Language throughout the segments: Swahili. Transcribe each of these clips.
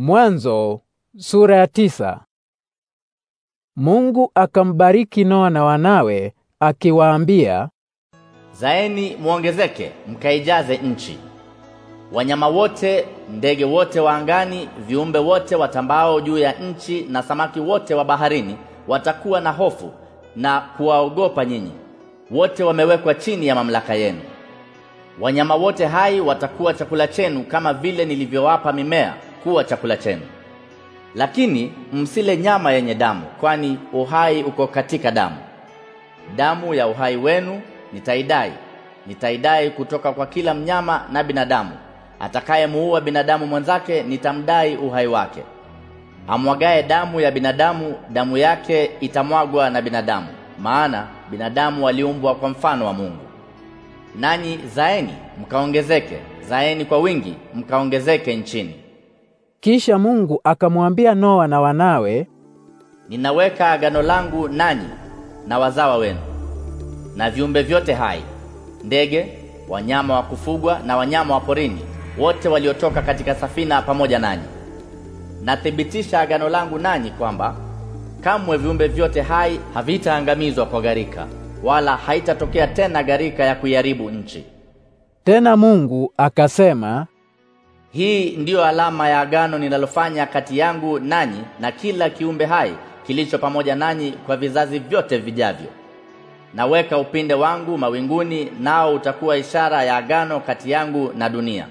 Mwanzo sura ya tisa. Mungu akambariki Noa na wanawe akiwaambia, zaeni muongezeke, mkaijaze nchi, wanyama wote, ndege wote wa angani, viumbe wote watambao juu ya nchi, na samaki wote wa baharini watakuwa na hofu na kuwaogopa nyinyi. Wote wamewekwa chini ya mamlaka yenu. Wanyama wote hai watakuwa chakula chenu, kama vile nilivyowapa mimea kuwa chakula chenu. Lakini msile nyama yenye damu, kwani uhai uko katika damu. Damu ya uhai wenu nitaidai, nitaidai kutoka kwa kila mnyama na binadamu. Atakayemuua binadamu mwenzake nitamdai uhai wake. Amwagaye damu ya binadamu, damu yake itamwagwa na binadamu, maana binadamu waliumbwa kwa mfano wa Mungu. Nanyi zaeni mkaongezeke, zaeni kwa wingi mkaongezeke nchini. Kisha Mungu akamwambia Noa na wanawe, ninaweka agano langu nanyi na wazawa wenu na viumbe vyote hai, ndege, wanyama wa kufugwa na wanyama wa porini, wote waliotoka katika safina pamoja nanyi. Nathibitisha agano langu nanyi kwamba kamwe viumbe vyote hai havitaangamizwa kwa gharika, wala haitatokea tena gharika ya kuiharibu nchi. Tena Mungu akasema, hii ndiyo alama ya agano ninalofanya kati yangu nanyi na kila kiumbe hai kilicho pamoja nanyi kwa vizazi vyote vijavyo. Naweka upinde wangu mawinguni, nao utakuwa ishara ya agano kati yangu na dunia.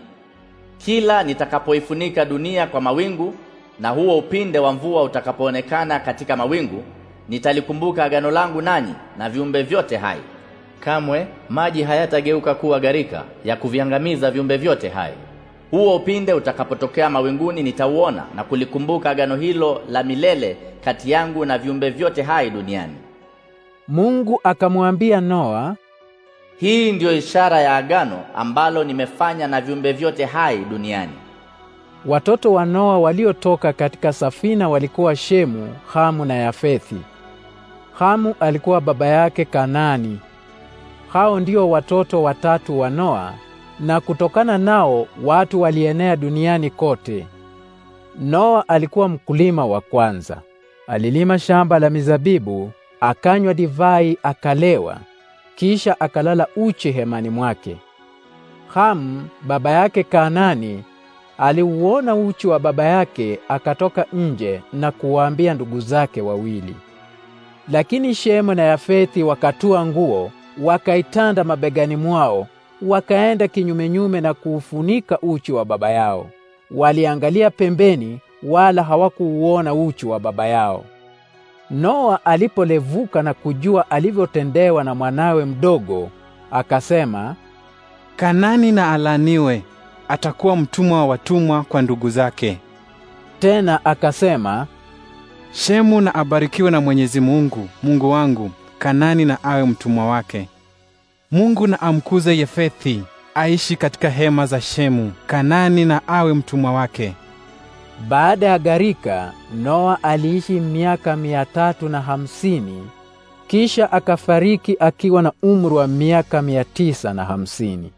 Kila nitakapoifunika dunia kwa mawingu na huo upinde wa mvua utakapoonekana katika mawingu, nitalikumbuka agano langu nanyi na viumbe vyote hai. Kamwe maji hayatageuka kuwa gharika ya kuviangamiza viumbe vyote hai. Huo upinde utakapotokea mawinguni nitauona na kulikumbuka agano hilo la milele kati yangu na viumbe vyote hai duniani. Mungu akamwambia Noa, hii ndiyo ishara ya agano ambalo nimefanya na viumbe vyote hai duniani. Watoto wa Noa waliotoka katika safina walikuwa Shemu, Hamu na Yafethi. Hamu alikuwa baba yake Kanani. Hao ndio watoto watatu wa Noa na kutokana nao watu walienea duniani kote. Noa alikuwa mkulima wa kwanza. Alilima shamba la mizabibu, akanywa divai, akalewa, kisha akalala uchi hemani mwake. Hamu baba yake Kanani aliuona uchi wa baba yake, akatoka nje na kuwaambia ndugu zake wawili. Lakini Shemu na Yafethi wakatua nguo, wakaitanda mabegani mwao wakaenda kinyumenyume na kuufunika uchi wa baba yao. Waliangalia pembeni, wala hawakuuona uchi wa baba yao. Noa alipolevuka na kujua alivyotendewa na mwanawe mdogo, akasema, Kanani na alaniwe, atakuwa mtumwa wa watumwa kwa ndugu zake. Tena akasema, Shemu na abarikiwe na Mwenyezi Mungu, Mungu wangu, Kanani na awe mtumwa wake. Mungu na amkuze Yefethi, aishi katika hema za Shemu. Kanani na awe mtumwa wake. Baada ya gharika, Noa aliishi miaka mia tatu na hamsini kisha akafariki akiwa na umri wa miaka mia tisa na hamsini.